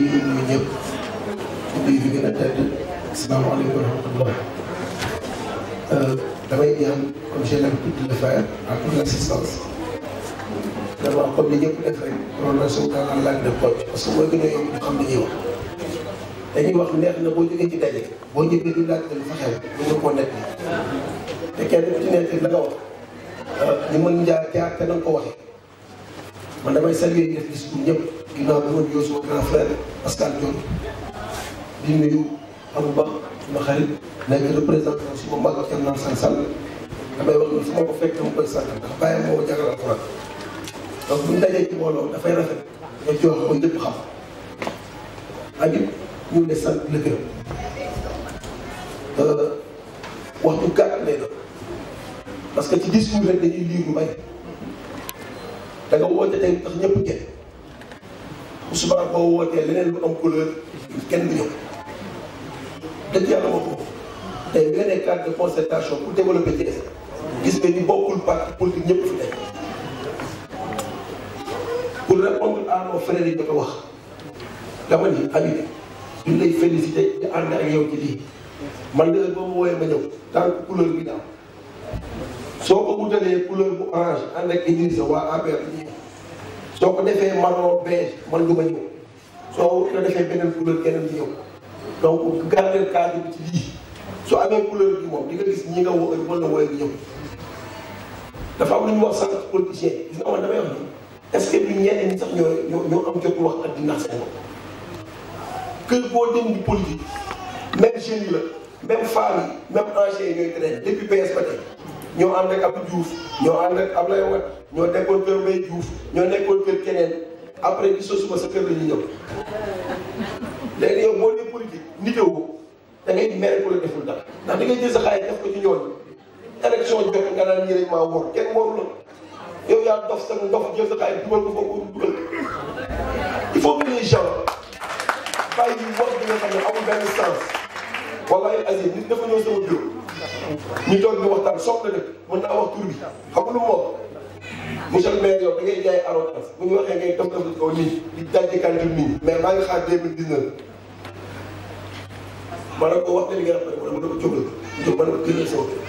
ngi nuyu ñëpp di fi gën a tedd asalaamaaleykum wa euh, def rek prononciation kàllaama laaj de poche parce wax dañuy wax neex na boo jógee ci daje boo euh, jaar te na ko waxee man damay saluer def gis ñëpp. ginnaaw bi ma nuyoo sama grand frère Pascal Dior di nuyu Abou Ba sama xarit nekk représentant suma mag ak Thierno Sall Sall damay wax ni su ma ko fekk dama koy sant ndax bàyyi moo ma jàngal alxuraan donc bu ñu dajee ci mbooloo dafay rafet nga jox ko yëpp xam ak it ñu ne sant la gërëm euh, waxtu gàtt lay doon parce que ci discours rek dañuy lire lu bari da nga woote tey ñëpp kenn. bu subaa boo wootee leneen lu am couleur kenn du ñëw dëgg yàlla moo ko tey nga nee cadre de concertation pour développer Thiès gis nga ni bokkul parti politique ñëpp fi nekk pour répondre à nos frères yi ko wax dama ni Habib ñu lay féliciter di ànd ak yow ci lii man de ba mu wooyee ma ñëw tant que couleur bi daal soo ko wutalee couleur bu orange ànd ak Idrissa waa APR ñii soo ko defee marron beige man du ma ñëw soo ko defee beneen couleur keneen du ñëw donc garder cadre bi ci lii su amee couleur bi moom di nga gis ñi nga woo mën na wooye bi dafa am lu ñu wax sànq politicien gis nga man damay wax ni est-ce que du ñeneen ñi sax ñoo ñoo am jotu wax ak di nax seen kër boo dem di politique même jeunes la même femmes yi même anciens yi ñooy traité depuis PS ba tey ñoo ànd ak Abdou Diouf ñoo ànd ak Ablaye Wade ñoo nekkoon kër Mbaye Diouf ñoo nekkoon kër keneen après gisoo suma sa kër la ñu ñëw léegi yow boo nee politique nitewu ko da ngay mere ko la deful dara ndax da ngay jël sa xaalis def ko ci ñooñu élection jot nga naan ñi rek maa wóor kenn wóor la yow yaa dof sa ndox jël sa xaalis dugal ko foofu dugal il faut que les gens bàyyi wax bi nga xam ne amul benn sens wallaay Aziz nit dafa ñëw sama bureau ñu toog di waxtaan soog na dëkk mën naa wax tur bi xam nga lu mu wax monsieur le maire yow da ngay jaay arrogance bu ñu waxee ngay dem dem kaw nii di dajje kantu nii mais maa ngi xaar deux mille dix neuf ma ne ko wax dëgg yàlla ma ne ko jógal jóg ma ne ko génnal sama kër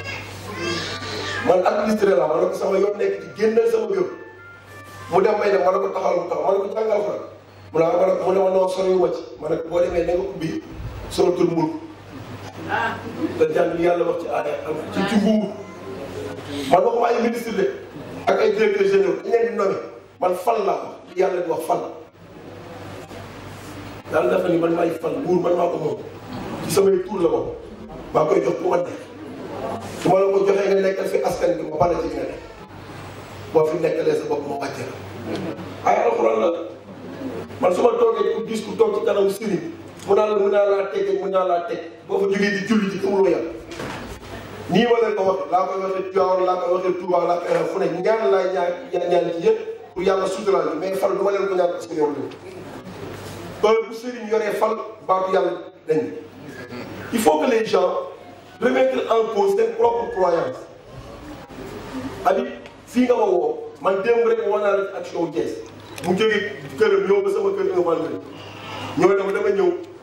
man administré la ma ne ko sama yoon nekk ci génnal sama kër mu dem may dem ma ne ko taxawal mu taxaw ma ne ko jàngal fa mu ne ma ne ko mu ne ma noo sori wàcc ma ne ko boo demee na nga ubbi sama tur mbul da jàng li yàlla wax ci aaya ci ci nguur man waxuma ay ministre de ak ay directeur généraux dañ leen di man fal la yàlla di wax fal yàlla dafa ni man maay fal nguur man maa ko moom ci samay tuur la moom maa koy jox bu ma nekk su ma joxee nga nekkal fi askan bi ma bala ci nga nekk boo fi nekkalee sa bopp ma man su ma toogee ku gis ku toog ci kanamu sëriñ mu naa la mu naa laa teg mu naa laa teg boo fa jógee di julli ji xamuloo yàlla ni ma leen ko waxee laa koy waxee Tivaouane laa koy waxee Touba la koy waxee fu ñaan laay ñaan ñaan ci yëpp pour yalla suturaal bi mais fal du len ko ñaan parce que yow leen bu serigne yoree fal baatu yalla dañ il faut que les gens remettent en cause leur propre croyance abi fi nga ma woo man démb rek woo ak show Thiès mu jógee këram yow ba sama kër nga wàllu ñoo dama dama ñëw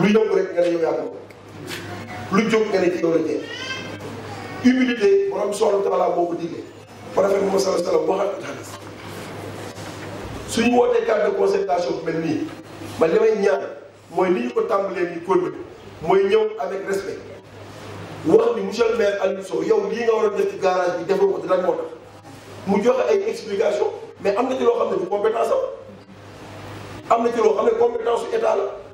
lu yomb rek nga ne yow yaa ko lu jóg nga ne ci yow la jeex humilité borom subhanahu wa taala moo suñu wootee cadre de concertation bu mel nii man li may ñaan mooy ni ko tàmbalee ni kóol mooy ñëw avec respect wax ni monsieur le yow lii nga war a def ci garage bi defoo ko moo tax mu joxe ay explication mais am na ci loo xam ne du compétence am na ci loo xam ne compétence su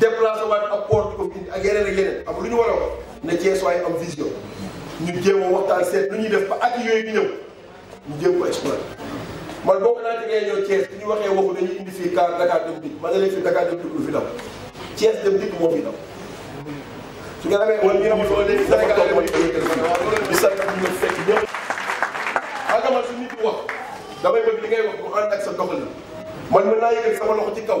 déplacé waat ak port di ko indi ak yeneen ak lu ñu war a wax ne Thiès waaye am vision ñu jéem a waxtaan seet lu ñuy def ba at yooyu bi ñëw ñu jéem ko exploité man bokk naa ci ñu waxee waxu dañuy indi fii car Dakar dem dikk man la léegi fii Dakar dem dikk lu nga amee wala ñu amul wala léegi Sénégal dama di di sant ñu fekk ñëpp xanaa su nit wax li ngay wax sa doxalin man mën naa yëgal sama loxo ci kaw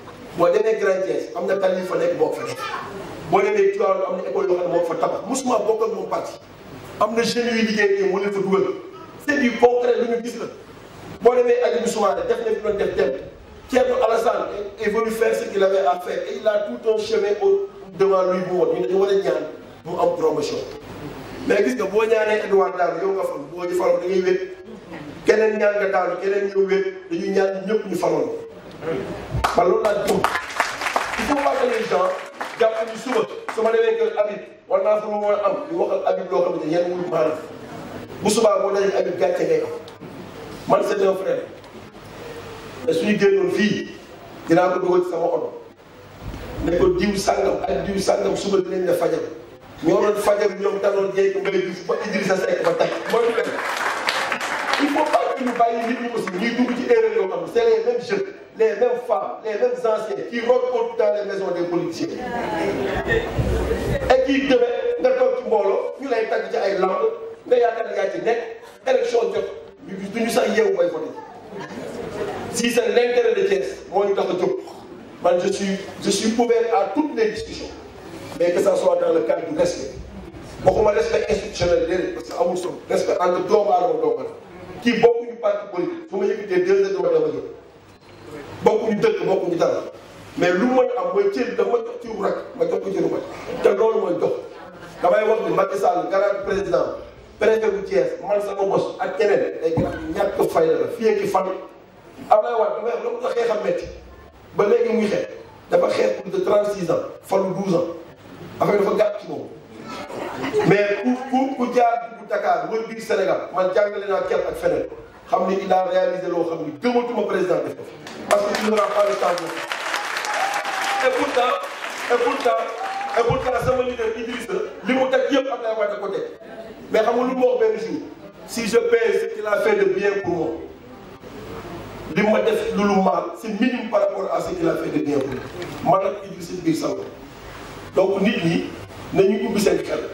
boo demee Grand je am fa nekk suis fa nekk boo demee suis école yoo xam fa tabax musuma bokk ak parti am na jeunes yu liggéey fa c'est du concret lu ñu gis la boo demee je def na fi def dem Alassane il veut faire ce qu'il avait à faire et il a tout un chemin devant lui bu woon ñu war a ñaan mu promotion mais gis nga boo ñaanee Edouard grand yow nga suis boo ñu faloon da ngay wét keneen ñaan nga suis keneen ñëw wét dañuy ñëpp ñu man loolu laa dugg il faut pas que les gens jàpp ni suba su ma demee kër Habib war naa fa ma mën a am di wax ak Habib loo xamante bu subaa boo dajee suñu génnoon fii dinaa ko dugal ci sama oto ne ko diw sàngam ak diw sàngam suba dinañ la fajal ñoo doon fajal ñoom danoon jéeg mbay bi ba Idrissa Seck ba tey mooy lu il faut pas que nous bàyyi nit aussi nous dugg ci erreur c'est les mêmes jeunes les mêmes femmes les mêmes anciens qui rôdent dans les maisons des politiciens et qui demee nga tout ci mbooloo ñu lay tagg ci ay lamb nga yaakaar ne yaa ci a élection jot ñu gis duñu sax yeewu bay voté si c'est l'intérêt de Thiès moi je suis je suis ouvert à toutes les discussions mais que ça soit dans le cadre du respect waxuma je institutionnel institutionnellement, parce que amul respecte respect entre doomu et doomu kii bokkuñu parti politique su ma yëkkatee deux heures dama dama jóg bokkuñu dëkk bokkuñu dara mais lu mën a am mooy cër dafa ma jox ci rak ma jox ko ci rak te loolu mooy jox damay wax ni Macky Sall garant président préfet bu Thiès man sama bos a ñàkk fayda la fii ak fan Abdoulaye Wade damay wax la mu ko xeexam métti ba léegi muy xeex dafa xeex plus de 36 ans falu 12 ans affaire dafa gàtt ci moom mais ku ku ku jaar bu Dakar wër biir Sénégal man jàngale naa képp ak feneen xam ni il a réalisé loo xam ni gëmatuma président def ko parce que il n'aura pas le temps et pourtant et pourtant et pourtant sama leader Idrissa li mu teg yëpp na Wade ko teg mais xam nga lu mu benn jour si je paie ce qu'il a fait de bien pour moi li ma def lu lu maal c'est minime par rapport à ce qu'il a fait de bien pour moi man ak Idrissa biir sama donc nit ñi. nañu ubbi seen xel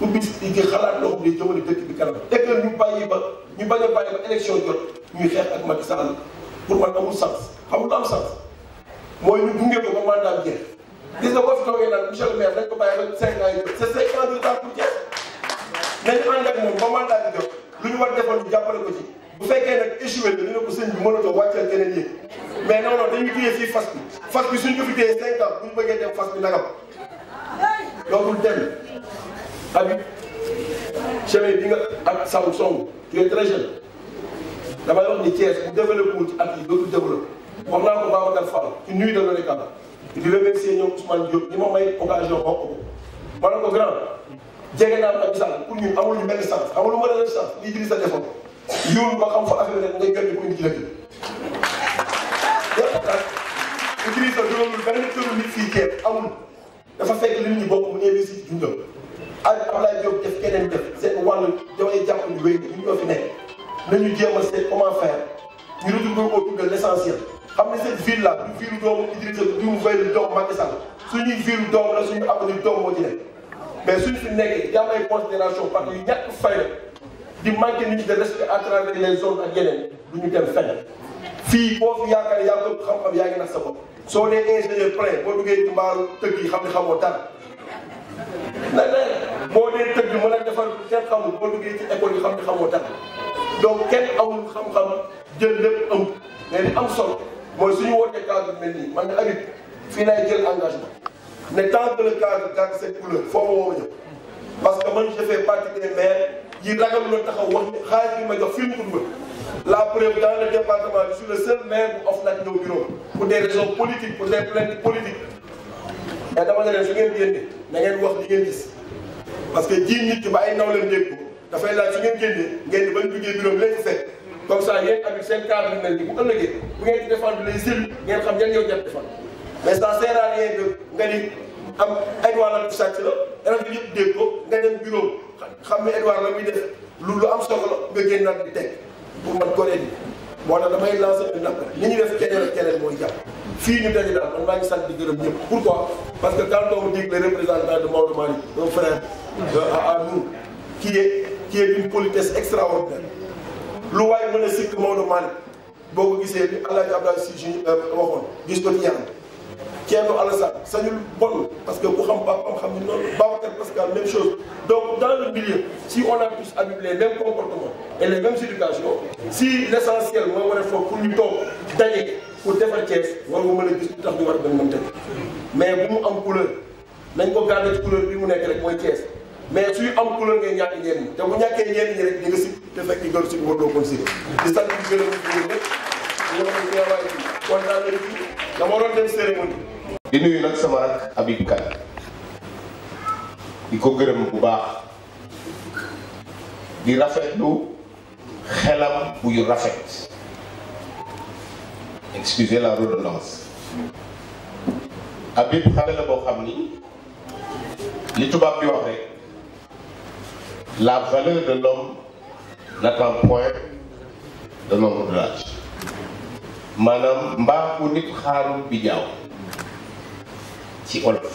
ubbi di xalaat loo xam ne jëmale dëkk bi kanam te ñu bàyyi ba ñu bañ a bàyyi ba élection jot ñuy xeex ak Macky Sall pour man amul sens xamul am sens mooy ñu gunge ko ba mandat jeex gis nga ko fi toogee naan monsieur le maire nañ ko bàyyi ba cinq ans yi jot c'est cinq ans de temps pour jeex nañ ànd ak moom ba mandat bi jot lu ñu war defal ñu jàppale ko ci bu fekkee nag échoué na ñu ne ko sëñ bi mënatoo wàccal keneen yéen mais non non dañuy téye fii fas bi fas bi suñ ko fi téye cinq ans bu ñu bëggee dem fas bi nagam dootul dem Habib chemin bi nga ak Sow Sow tu es très jeune damay wax ni Thiès bu développé wul ci at yi dootul développé wax naa ko Babacar Fall ci nuyu dama ne kàlla di remercier ñoom Ousmane Diop ñi may occasion bokk ko ma ne ko grand jege naa Macky Sall pour ñun amul ñu benn chance amul ma benn chance lii diri sa defoon yow ma xam fa affaire rek ngay gën di ko indi ci dëkk bi. Idrissa dugalul benn turu nit fii Thiès amul. dafa fekk li ñu bokk mu ne réussite jundam ak Ablaye Diop def keneen def seen wàll dafay jàpp ñu wéy ñu ñoo fi nekk nañu jéem a seet comment faire ñu retourner autour de l' essentiel xam ne cette ville là du ville doomu Idrissa du ville doom Macky Sall suñuy ville doom la suñu avenir doom moo ci nekk mais suñu fi nekkee am ay considération parce que ñàkk fay la di manqué nit de respect à travers les zones ak yeneen du ñu dem fenn fii boo fi yaakaar yaa ko xam-xam yaa ngi nax sa bopp soo nee ingénieur prêt boo duggee ci mbaaru tëgg yi xam ne xamoo dara nag nag moo dee tëgg mën a defar kenn xamul boo duggee ci école yi xam ne xamoo dara donc kenn amul xam-xam jël lépp ëmb mais li am solo mooy suñu wootee cadre mel man Habib fii laay jël engagement ne tant que le cadre garde cette couleur foofu woo parce que man je fais partie des yi ragaluloon taxaw wax ne xaalis bi ma jox fii mu la preuve dans le département je suis le seul maire bu OFNAC ñëw bureau pour des raisons politiques pour des plaintes politiques te dama ne leen su ngeen génnee ngeen wax parce que ji nit ba ay naw leen dégg ko dafay laaj su ngeen génnee ngeen di bañ comme ça yéen tamit seen cadre yu mel ni bu ëllëgee bu ngeen di défendre les élus ngeen xam ñan ñoo jot défendre mais ça sert à de nga ni am ay wàllam bu sàcc la rafet yëpp dégg ko nga dem xam ne Edouard la muy def lu lu am solo la nga nag bi teg pour man Gorée bi moo tax damay lancer un appel li ñu def keneen ak mooy jàpp fii ñu daje daal man maa ngi sant di gërëm ñëpp pourquoi parce que quand on dit représentant de Maodo Malick un frère euh, à nous qui est qui est d'une extraordinaire lu waay mën a sikk Maodo Malick boo ko gisee li El Hadj Abdoulaye Sy euh, waxoon gis ko Thierno Alassane sañul bon parce que bu xam Pape xam ni noonu Babacar Pascal même chose donc dans le milieu si on a tous habitué les mêmes comportements et les mêmes éducations si l' essentiel mooy war a foog pour ñu toog war nga mën a gis lu tax ñu war a gën mu bi mu nekk rek mooy Thiès mais suy am couleur ngay ñàkk ñenn ñi te bu ñàkkee ñenn ñi rek ñu ngi si te fekk gën si war doo considéré di sant di gërëm di gërëm rek ñu ngi wax ne teewaay bi kontaan nañ ci dama waroon dem cérémonie di nuyu nag sama rak Habib Kane di ko gërëm bu baax di rafetlu xelam yu rafet excusez la redondance Habib xale la boo xam ni li tubaab bi wax rek la valeur de l'homme n'attend point de nombre de l'âge maanaam mbaaxu nit xaarul bi jaaw ci olof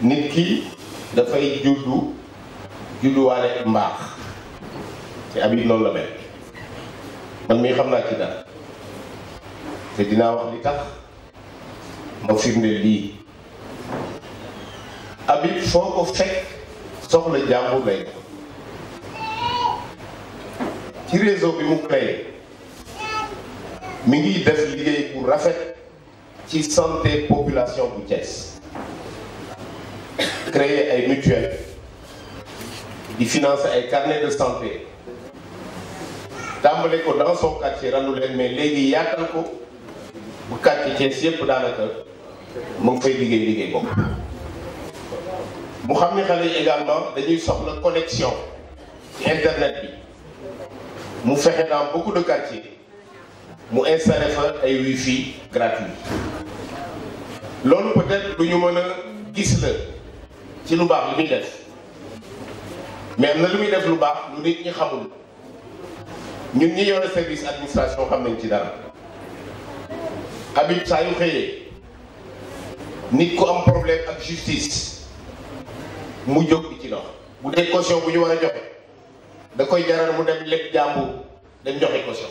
nit ki dafay juddu judduwaale mbaax te Habib noonu la mel man mii xam naa ci dara te dinaa wax li tax ma firnde lii Habib foo ko fekk soxla jàmbur lay ci réseau bi mu créé mi ngi def liggéey bu rafet qui santé population populations Thiès créer ay mutuelle qui financer un carnet de santé dans son quartier nous leen mais les yaatal ko bu quartier Thiès yépp daanaka mu ngi fay liggéey liggéey boobu mu xam ne également dañuy soxla connexion internet Nous mu dans beaucoup de quartiers mu installé fa ay wifi gratuit loolu peut-être lu ñu mën a gis la ci lu baax lu muy def mais am na lu muy def lu baax lu nit ñi xamul ñun ñi yore service administration xam nañ ci dara Habib saa yu xëyee nit ku am problème ak justice mu jóg ci dox bu dee caution bu ñu war a joxe da koy jaral mu dem lekk jàmbur dañ joxe caution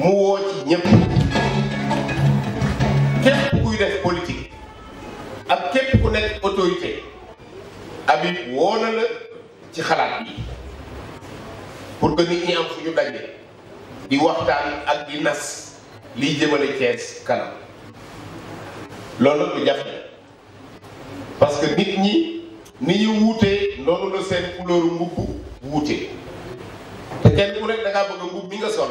mu woo ci ñëpp képp kuy def politique ak képp ku nekk autorité Habib woo la ci xalaat bi pour que nit ñi am fu ñu daje di waxtaan ak di nas liy jëmale Thiès kanam loolu nag du jafe parce que nit ñi ni ñu wuutee noonu la seen couleur mbubb wuute te kenn ku nekk da bëgg mbubb mi nga sol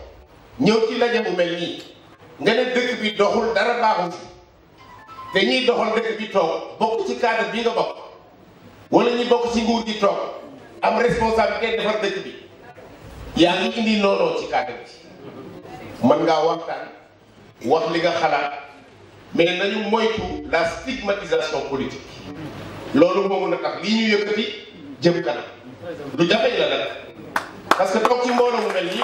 ñëw ci laje bu mel nii nga ne dëkk bi doxul dara baaxul te ñiy doxal dëkk bi toog bokk ci cadre bi nga bokk wala ñi bokk ci nguur gi toog am responsabilité defar dëkk bi yaa ngi indi noonoo ci cadre bi mën ngaa waxtaan wax li nga xalaat mais nañu moytu la stigmatisation politique loolu moo mën a tax lii ñu yëkkati jëm kanam lu jafe la nag parce que toog ci mbooloo mu mel nii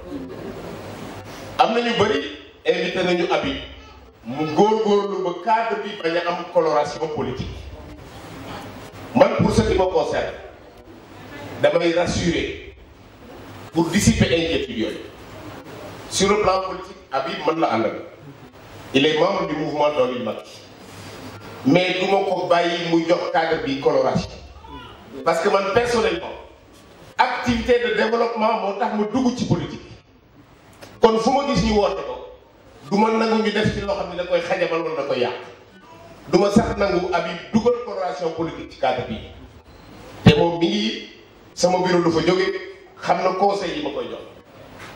Je ñu bari invité nañu abi mu lu ba cadre bi am coloration politique man pour ce qui me concerne damay rassurer pour dissiper inquiétude sur le plan politique Abid, man la il est membre du mouvement Dolli mais je ko mu jox cadre bi coloration parce que man personnellement activité de développement motax tax ma ci politique. kon fu ma gis ñu woote ko du ma nangu ñu def ci loo xam ne da koy xajamal wala na koy yàq du ma sax nangu ab yi dugal corporation politique ci cadre bi te moom mi sama bureau lu fa jógee xam na conseil yi ma koy jox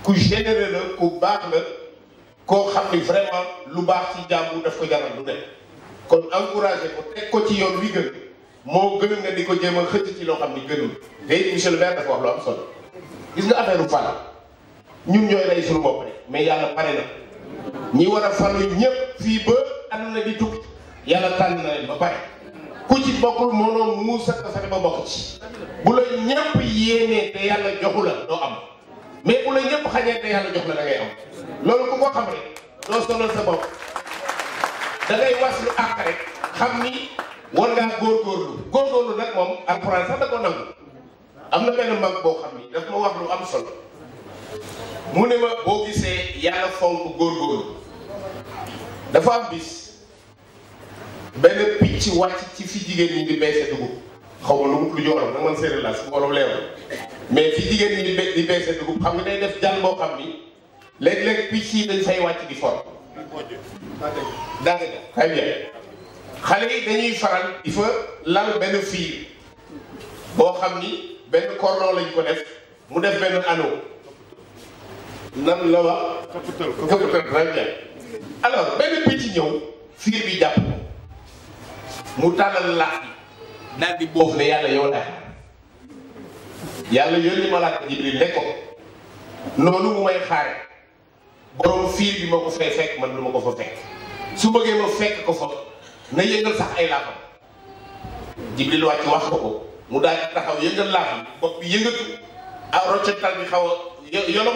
ku généré la ku baax la koo xam ni vraiment lu baax ci jàmm daf ko jaral lu ne kon encouragé ko teg ko ci yoon wi gën moo gën nga di ko jéem a xëcc ci loo xam ni gënul léegi monsieur le maire dafa wax lu am solo gis nga affaire u Fala ñun ñooy rey su bopp de mais yàlla pare na ñi war a falu ñëpp fii ba àdduna di tukki yàlla tànn na leen ba pare ku ci bokkul mënoon muus ak fexe ba bokk ci bu la ñëpp mais bu ñëpp xañee yàlla jox la da loolu ku ko xam rek doo sonal sa bopp da ngay moom alxuraan na benn mag boo xam ni daf ma wax lu am solo. mu ne ma boo gisee yàlla fonk góorgóorlu dafa am bis benn picc wàcc ci fi jigéen ñi di beese dugub xaw ma lu lu jooram nag man séeréer laa si wolof leeral mais fi jigéen ñi di di beese dugub xam nga day def jàll boo xam ni léeg-léeg picc yi dañ fay wàcc di for daanaka très bien dañuy faral di fa lal benn fii boo xam ni benn cordon lañ ko def mu def benn anneau nan la wax. capital capital très bien. benn picc ñëw fiir bi jàpp mu tàllal laax bi daal di boof ne yàlla yow laaj yàlla yónni malaaka Jibril ne ko noonu mu may xaare borom fiir bi ma ko fay fekk man lu ma ko fa fekk su bëggee ma fekk ko fa na yëngal sax ay laaxam Jibril wàcc wax ko ko mu daal taxaw yëngal laaxam bopp bi yëngatu ak ah, roccetal bi xaw a yolom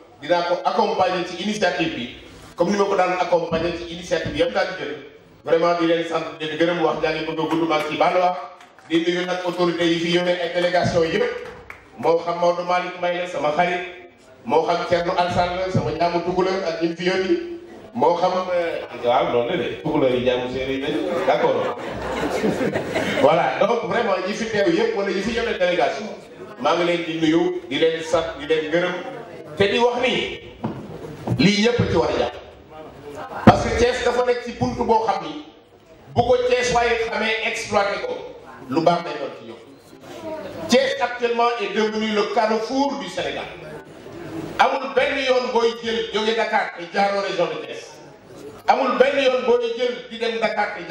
dinaa ko accompagner ci initiative bi comme ni ma ko daan accompagner ci initiative yëpp daal di jël vraiment di leen sant di gërëm wax jaa a gudd maa ci yëpp moo xam Maodo Malick Mbaye la sama xarit moo xam Thierno Alassane la sama ñaamu tukulóor moo xam. Euh, waaw loolu la de tukulóor yi jaamu ñi yëpp wala ñi maa ngi leen di te di wax ni lii ñëpp ci war a jàpp parce que Thiès dafa nekk ci bunt boo xam ni bu ko Thiès waaye xamee exploité ko lu baax lay doon ci ñoom Thiès actuellement est devenu le carrefour du Sénégal amul benn yoon booy jël jóge Dakar te jaaroo région de Thiès amul di dem Dakar te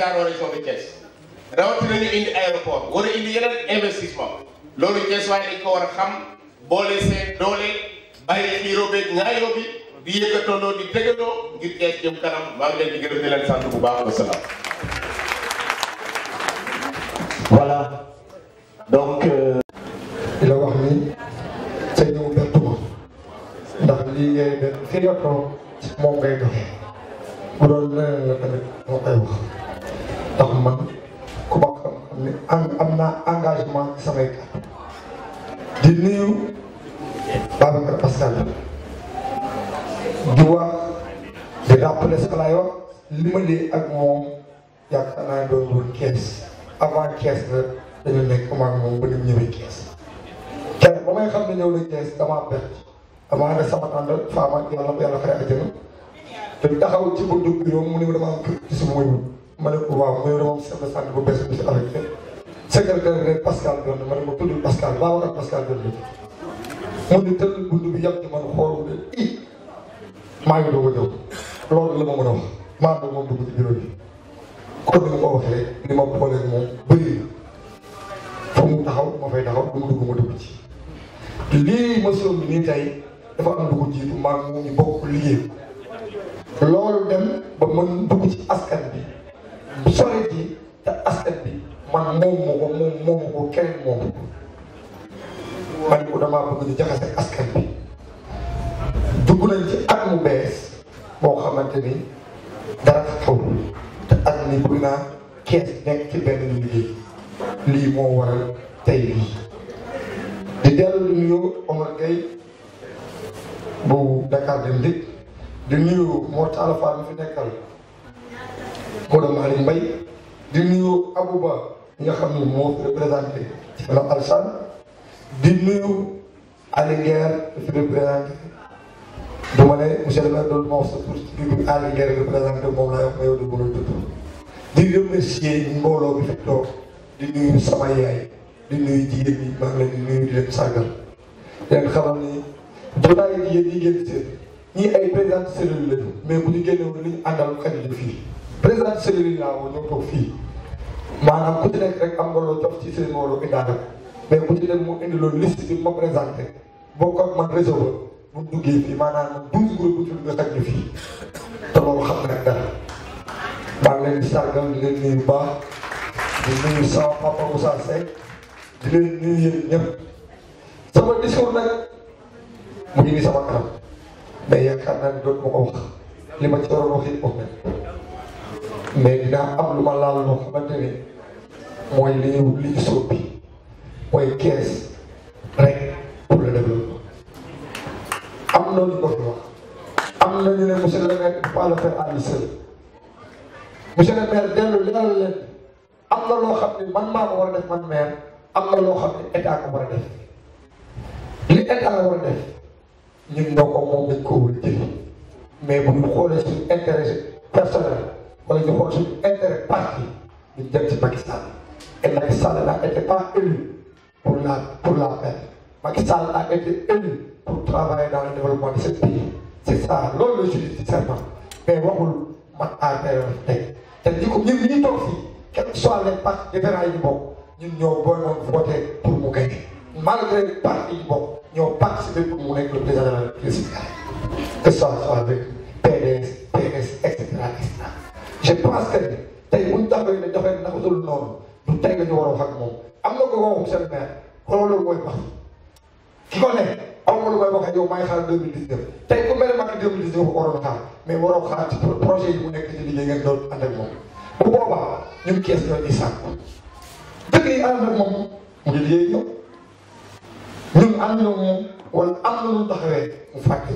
indi aéroport war a indi yeneen investissement loolu Thiès waaye dañ ko war a xam boole seen doole. ay xiro beeg ñaayo bi di yëkkatandoo di tegandoo ngir kees jëm kanam maa ngi di gërëm di leen sant bu baax wa salaam voilà donc di la wax ni say ñëw bettuma ndax lii ngay def ki yottoo ngay doxee bu doon la tamit moo koy wax ndax man ku ma xam ne engagement samay di nuyu Babacar Pascal di wax di rappeler li ma lee ak moom yaakaar naa doon woon kees avant kees la dañu nekk maag moom ba ñu ñëwee kees kenn ba may xam ne ñëw na kees damaa perte damaa ne sama ànd faama yàlla ko yàlla xare àjjana te taxaw ci buntu bureau mu ne ma dama am kër ci sama wéyul ma ne ko waaw mu ma moom chef de bu bees bi ci avec secrétaire rek Pascal Gondé ma ne ko tudd Pascal Babacar Pascal Gondé mu ni tëll bunt bi yàpp man xoolu de i maa ngi doog a ñëw loolu la ma mën a wax moom ko waxee ni ma xoolee moom bëri na ma ko kenn moomu ma ne ko damaa bëgg ñu jaxase askan bi dugg nañ ci at mu bees boo xamante ni dara xewul te at mi bëgg naa kees nekk ci benn lii moo waral tey lii di dellu di nuyu Omar Gueye bu Dakar Dem Dikk di nuyu Mor Talla Fall fi nekkal Modou Malick Mbaye di nuyu Abouba ñi nga xam ni moo représenté ci Al di nuyu Aly Nguer représenté du ma ne monsieur le maire doolu ma wax sa pour bi Aly Nguer représenté moom laa wax ma yow di mënul tudd di remercier mbooloo bi fi di nuyu sama yaay di nuyu jigéen ñi maa ngi leen di nuyu di leen sàggal leen xamal ni jotaay jigéen ñi génn seen ñii ay président cellule lañu mais bu ñu génne woon li ñu àndal xajul fii président cellule laa woon ñoo toog fii maanaam ku ci nekk rek am nga loo jox ci seen mbooloo indaale ko mais bu ci dem mu indi loolu liste bi ma présenté bokk ak man réseau ba bu duggee fii maanaam douze groupes tudd nga tag ñu fii te loolu xam nañ dara maa ngi leen di sargal di leen nuyu baax di nuyu sama papa Moussa Seck di leen nuyu yéen ñëpp sama discours nag mu ngi sama kanam mais yaakaar naa ne dootuma ko wax li ma ci waroon wax it wax nañ mais dinaa am lu ma laal loo xamante ne mooy li ñu li ñu sóob bi mooy kees rek pour le développement am na ñu ko fi wax am na ñu ne monsieur le maire pas le faire à lui seul monsieur le maire dellu leeral leen am na loo xam ne man maa ko war a def man maire am na loo xam ne état ko war a def li état war a def ñun ñoo ko moom dañ ko war a jëli mais bu ñu xoolee suñu intérêt personnel wala ñu xool suñu intérêt parti ñu dem ci Pakistan et Macky Sall n'a été pas élu pour la, pour la paix. Macky Sall a été élu pour travailler dans le développement de ce pays. C'est ça, loolu la sincèrement mais waxul man affaire tey te ñi ko ñun que nous, toog fii quels que soient les partis différents yi ñu bokk ñun ñoo booy voté pour mu gagne malgré parti yi ñu bokk ñoo participé pour mu nekk le président de la République que ce soit avec PDS PNS, etc., cetera je pense que nous, tey bu ñu taxawee ne joxe na ko dul noonu du tey la ñu war a wax ak moom. am na ko wow monsieur le maire xooloo loolu mooy wax ki ko ne aw ma lu koy waxee yow may xaar 2019 tey ku mel ne Macky 2019 ko waroon a xaar mais waroo xaar ci projet yi mu nekk ci liggéey ngeen doon ànd ak moom bu boobaa ñun kees ñoo ñuy sànq dëkk yi ànd ak moom mu ngi liggéey ñëw ñun ànd na moom wala am na lu taxawee mu fàtte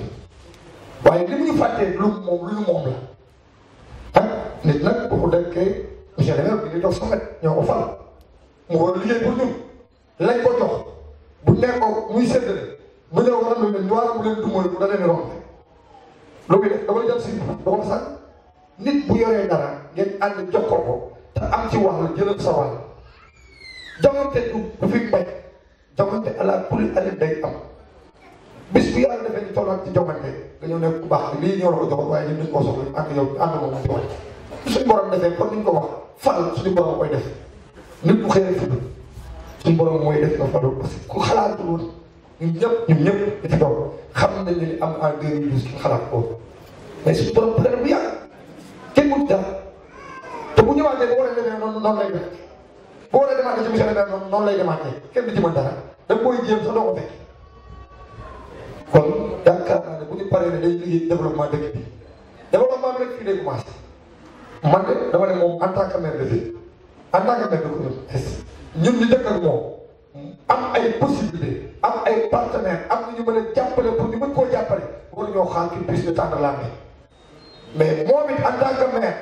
waaye li muy fàttee lu moom lu moom la nag nit nag bu ko dëkkee monsieur le maire bi di toog sa wet ñoo ko fal mu war liggéey pour ñun lañ ko jox bu nekkoon muy séddale bu ñëw ba am lu mel noir bu leen dumóoy bu da leen romb lu muy def damay jàpp nit bu yoree dara ngeen ànd jox ko ko te am ci wàll jëlal sa wàll jamante du fi mbay jamante ala kulli alim day am bis bu yàlla defee ñu tollaat ci jamante nga ñëw nekk bu baax lii ñoo la ko joxoon waaye ñun dañ koo soxla ak yow ànd moom ci wax suñu borom defee kon ni ñu wax koy def lépp xëy suñu borom mooy def na fadoo parce que ku xalaatul woon ñun ñëpp ñun ñëpp ci toog xam nañ ne li am en deux mille douze xalaat boobu mais suñu borom peut être bu yàgg kenn mënut dara te bu ñëwaatee bu war a demee noonu noonu lay def bu war a demaatee ci monsieur le maire noonu noonu lay demaatee kenn du ci mën dara da koy jéem sa doo ko fekk kon yaakaar naa ne bu ñu paree ne day liggéey développement dëkk bi développement bi rek fii day commencé man de dama ne moom en tant que maire de ville en tant que maire de Koungheul ñun ñu dëkk ak moom am ay possibilité am ay partenaire am na ñu mën a jàppale pour ñu mën koo jàppale war ñoo xaar ki bis ñu tànn laa mais moom it en tant que maire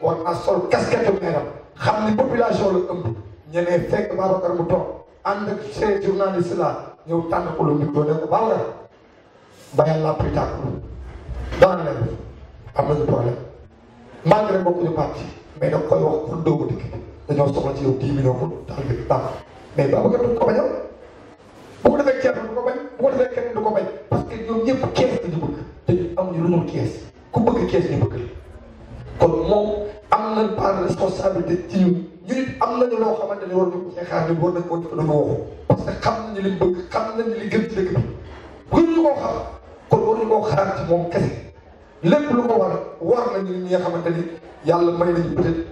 war naa sol casquette maire am xam ni population la ëmb ñeneen fekk Babacar mu toog ànd ak ces journalistes là ñëw tànn ko lu micro ne ko Babacar bàyyal laa plus tard dana leen am nañu problème malgré bokkuñu parti mais da koy wax pour doogu dikk dañoo soxla ci yow 10 millions pour taxal bi baax mais Babacar du ko bañal bu ko defee Thierno du ko bañ bu ko defee kenn du ko bañ parce que ñoom ñëpp kees la ñu lu dul kees ku bëgg kees ñu bëgg kon moom am nañ part responsabilité ci ñun ñu nit am nañu loo xamante ne war nañu ko xeexaar ñu war nañu ko def dañoo waxu parce que xam nañu li bëgg xam nañu li gën ci dëkk bi gënuñu koo xam kon waruñu koo xaar ci moom kese lépp lu ko war war nañu ñi nga xamante ni yàlla may nañu peut-être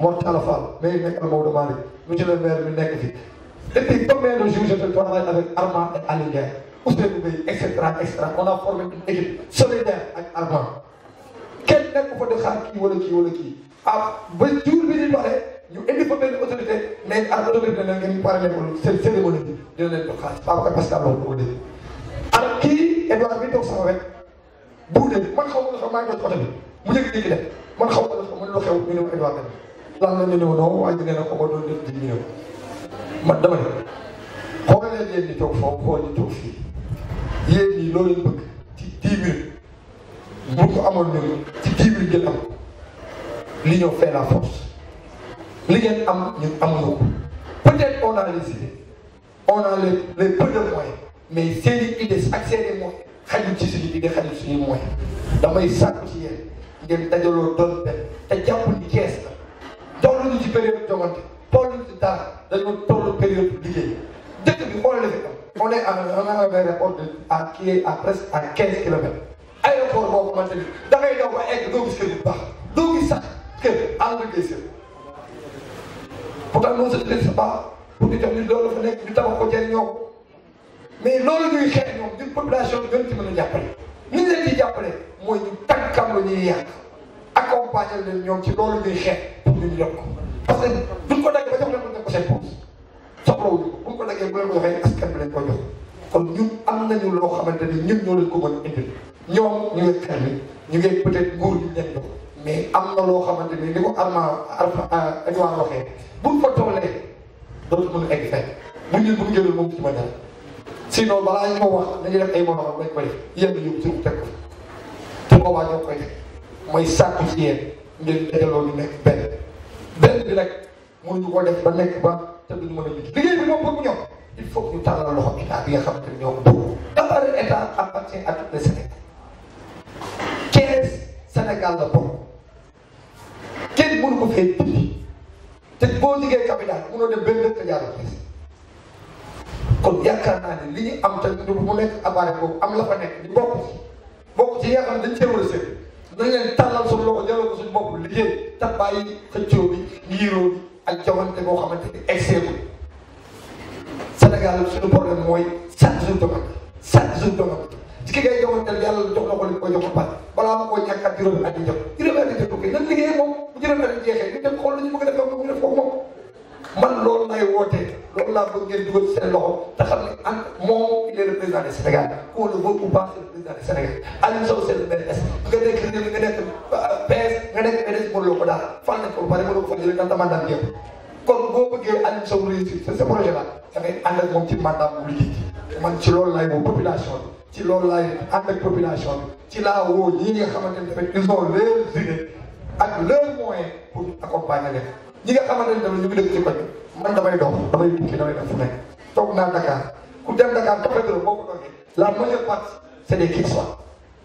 Mor Talla Fall mais nekk na Maodo Malick monsieur le maire nekk fi et puis combien de jours je travaille avec Armand et Aliou Ndiaye Ousseynou Mbaye et cetera et cetera on a formé une ak Armand kenn nekk fa di xaar kii wala kii wala kii ah ba jour bi di pare ñu indi fa benn autorité mais ak autorité na ngeen pare leen ko seen cérémonie bi dina leen ko xaalis paa ko parce que am ko dégg ak kii Edouard bi toog sama wet bu dee man xaw ma nga maa ngi doon mu yëg-yëg def man ma nga xam man lu lan la ñu noo waaye dangeen ko doon di ma dama ne xoolee leen toog foofu xool toog fii yéen ñi ci bu ko fait la force li ngeen am ñun peut-être on a les idées on a les les peu de moyens mais seen i idées ak seen i moyens ci suñu idée xajul suñu moyens damay ngeen te ni ci période jogante tollu ci dara dañoo toll période liggéey dëkk bi xool la fi am on est à on a un aéroport de à qui est à presque à quinze kilomètres aéroport boo xamante ni dangay daw ba egg doo gis kër bu baax doo gis sax kër àll ngay seen pourtant non c'est sa baax pour di jox nit loolu fa nekk ñu tabax ko jëriñoo ko mais loolu ñuy xeex ñoom ñun population bi gën ci mën a jàppale ni ñu leen di jàppale mooy ñu tànkam la ñuy yàq accompagner leen ñoom ci loolu ñuy xeex pour ñu yokk parce que buñ ko daggee ba jox leen ko def ko seen poche soxlawuñu ko buñ ko daggee bu leen ko joxee askan bi lañ ko jox kon ñun am nañu loo xamante ni ñun ñoo leen ko mën a indil ñoom ñu ngi xel bi ñu ngi peut-être nguur ñu nekk ko mais am na loo xamante ni ni ko Arma Arma ah Edouard waxee buñ fa tollee dootu mën a egg fenn bu ñun bu ñu jëlee moom ci ma dara sinon balaa ñu ko wax dañuy def ay morom lañ ko def yéen a yóbbu suñu teg ko te boobaa ñoo koy def mooy sàkku ci yéen ngeen dajaloo ñu nekk benn. benn bi rek mënuñu ko def ba lekk ba te duñu mën a liggéey liggéey bi moom boobu ñoom il faut ñu tàllal loxo état bi nga xam ne ñoom boobu appareil état appartient à tous les Sénégalais Thiès Sénégal la bokk kenn mënu ko fee dindi te boo liggéey capital mënoo dem benn dëkk jaaroo Thiès kon yaakaar naa ne li ñu am te mu nekk appareil boobu am la fa nekk di bokk ci bokk ci yaakaar dañ cee war a nañ leen tàllal suñu loxo jëloo ko suñu bopp liggéey te bàyyi xëccoo bi yiiroo bi ak jawante boo xamante ni excès bi Sénégal suñu problème mooy sànq suñu jomante sànq suñu jomante ci ki ngay jomanteel yàlla jox na ko li koy jox ko pare balaa ma koo ñàkkat juróomi at yi jot juróomi at yi jot ko nan liggéey moom bu a def yow mu def ko man loolu lay woote loolu laa bëgg ngeen dugal seen loxo te xam ne en moom il est Sénégal qu'on le veut ou pas c'est le Sénégal Aliou Sow c'est le PDS nga nekk réew nga nekk euh, PS nga nekk PDS mënuloo ko daal fal nañ ko ba pare mënuloo ci loolu lay woo population bi ci loolu laay ànd ak population bi ci laa woo ñii a xamante ne tamit ils ont leurs idées ak leurs moyens ñi nga xamante ne tamit ñu ngi dëkk ci koñ man damay dox damay tukki damay def fu nekk toog naa Dakar ku dem Dakar café de boo ko doxee la majeure partie c'est des kids quoi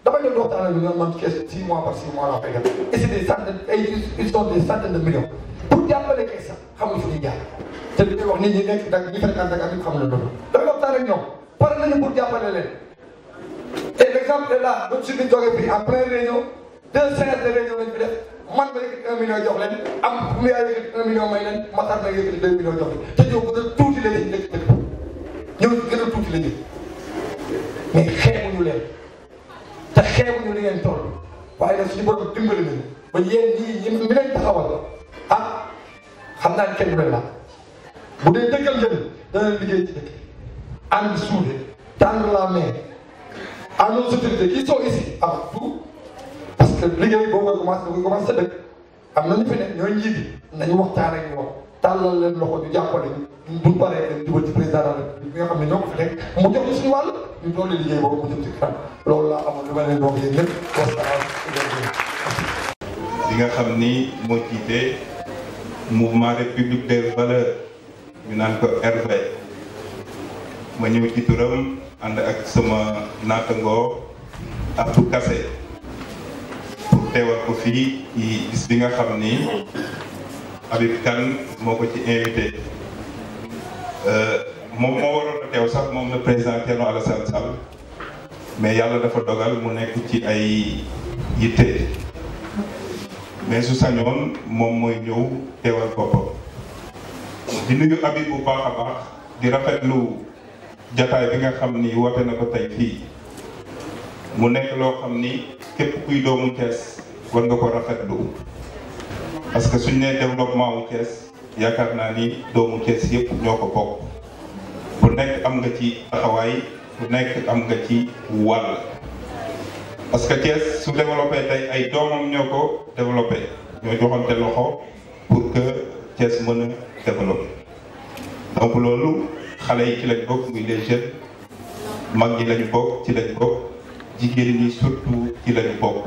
dama leen waxtaan ak ñoom man kees six mois par six mois la fay et c'est des centaines ay ils sont des centaines de millions pour jàppale kees sax xamuñ fu ñuy jaar te li ñuy wax nit ñi nekk dak ñi fréquente Dakar ñu xamuñ loolu damay waxtaan ak ñoom pare nañu pour jàppale leen et l'exemple est là ba suñu jógee bi en pleine réunion deux séances de réunion lañ fi def man ma yëkkati un million jox leen am mu yaa yëkkati un million may leen Matar na yëkkati deux millions jox leen te ñoo gën a tuuti la ñuy dëkk dëkk ñoo gën a tuuti la ñuy mais xeebuñu leen te xeebuñu li ngeen toll waaye nag suñu borom dimbali nañu ba yéen ñii ñi mi leen taxawal ah xam naa ne kenn du leen laal bu dee dëggal njëriñ dana liggéey ci dëkk ànd suude tendre la main à nos autorités qui sont ici à ah, tout que liggéey boo ko commencé bu commencé dëkk am na fi ne ñooy njiit yi nañu waxtaan ak ñoom tàllal leen loxo ñu jàppale ñu buñ paree de xam ne ñoo ko fi mu jox ñu loolu laa xam ni moo jiite mouvement république des valeurs ñu naan ko RV ma ñëw ci turam ànd ak sama naatangoo Abdou Kassé teewal ko fii ci bi nga xam ni Habib Kane moo ko ci invité euh, moom moo waroon a teew sax moom la président Thierno Alassane Sall mais yàlla dafa dogal mu nekk ci ay yitte mais su sañoon moom mooy ñëw teewal boppam di nuyu Habib bu baax a baax di rafetlu jataay bi nga xam ni woote na ko tey fii mu nekk loo xam ni képp kuy doomu Cees war nga ko rafetlu parce que suñ nee développement wu Thiès yaakaar naa ni doomu Thiès yépp ñoo ko bokk bu nekk am nga ci taxawaay bu nekk am nga ci wàll parce que Thiès su développé tey ay doomam ñoo ko développé ñoo joxante loxo pour que Thiès mën a développé donc loolu xale yi ci lañ bokk muy les jeunes mag ñi lañu bokk ci lañ bokk jigéen ñi surtout ci lañ bokk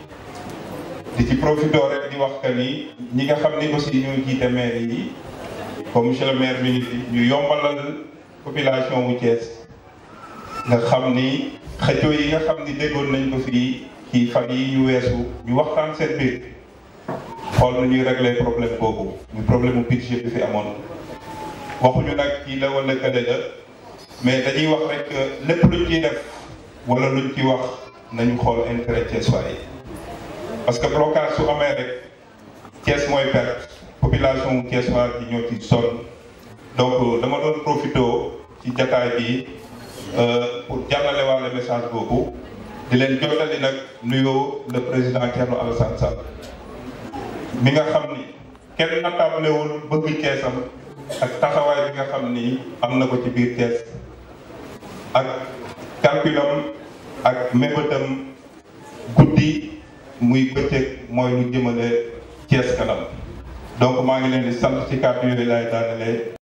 di ci profito rek di wax que ni ñi nga xam ni aussi ñoo jiite maire yi comme monsieur le maire mi ngi fi ñu yombalal population bu Thiès nga xam ni xëccoo yi nga xam ni déggoon nañ ko fii ci fan yi ñu weesu ñu waxtaan seen biir xool nu ñuy régler problème boobu ñu problème mu budget bi fi amoon waxuñu nag kii la wala kële la mais dañuy wax rek lépp luñ ciy def wala luñ ci wax nañu xool intérêt Thiès waaye parce que blocage su amee rek Thiès mooy perte population wu Thiès waa bi ñoo ci sonn donc euh, dama doon profité ci jataay bi euh, pour jàllale waale message boobu di leen jotali nag nuyoo le président Thierno Alassane Sall mi nga xam ni kenn nattablewul bëgg Thièsam ak taxawaay bi nga xam ni am na ko ci biir Thiès ak calculam ak mébétam guddi muy bëccëg mooy lu jëmale Thiès kanam donc maa ngi leen di sant ci kàddu yooyu laay daanelee